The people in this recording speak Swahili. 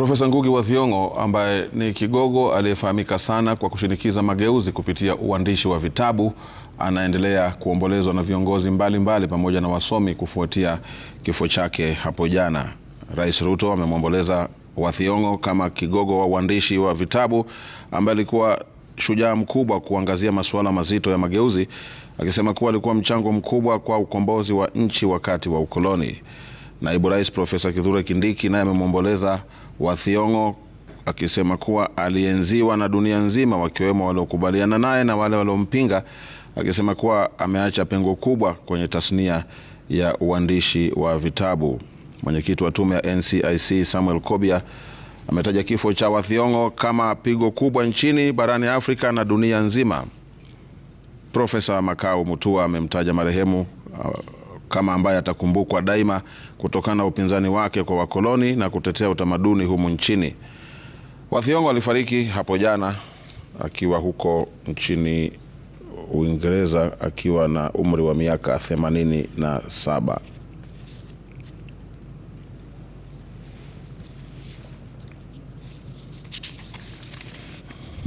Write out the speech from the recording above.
Profesa Ngugi wa Thiong'o ambaye ni kigogo aliyefahamika sana kwa kushinikiza mageuzi kupitia uandishi wa vitabu anaendelea kuombolezwa na viongozi mbalimbali mbali pamoja na wasomi kufuatia kifo chake hapo jana. Rais Ruto amemwomboleza wa Thiong'o kama kigogo wa uandishi wa vitabu ambaye alikuwa shujaa mkubwa kuangazia masuala mazito ya mageuzi, akisema kuwa alikuwa mchango mkubwa kwa ukombozi wa nchi wakati wa ukoloni. Naibu Rais Profesa Kithure Kindiki naye amemwomboleza Wathiongo akisema kuwa alienziwa na dunia nzima wakiwemo waliokubaliana naye na wale waliompinga, akisema kuwa ameacha pengo kubwa kwenye tasnia ya uandishi wa vitabu. Mwenyekiti wa tume ya NCIC Samuel Kobia ametaja kifo cha Wathiongo kama pigo kubwa nchini, barani Afrika na dunia nzima. Profesa Makau Mutua amemtaja marehemu uh, kama ambaye atakumbukwa daima kutokana na upinzani wake kwa wakoloni na kutetea utamaduni humu nchini. Wathiongo alifariki hapo jana akiwa huko nchini Uingereza akiwa na umri wa miaka themanini na saba.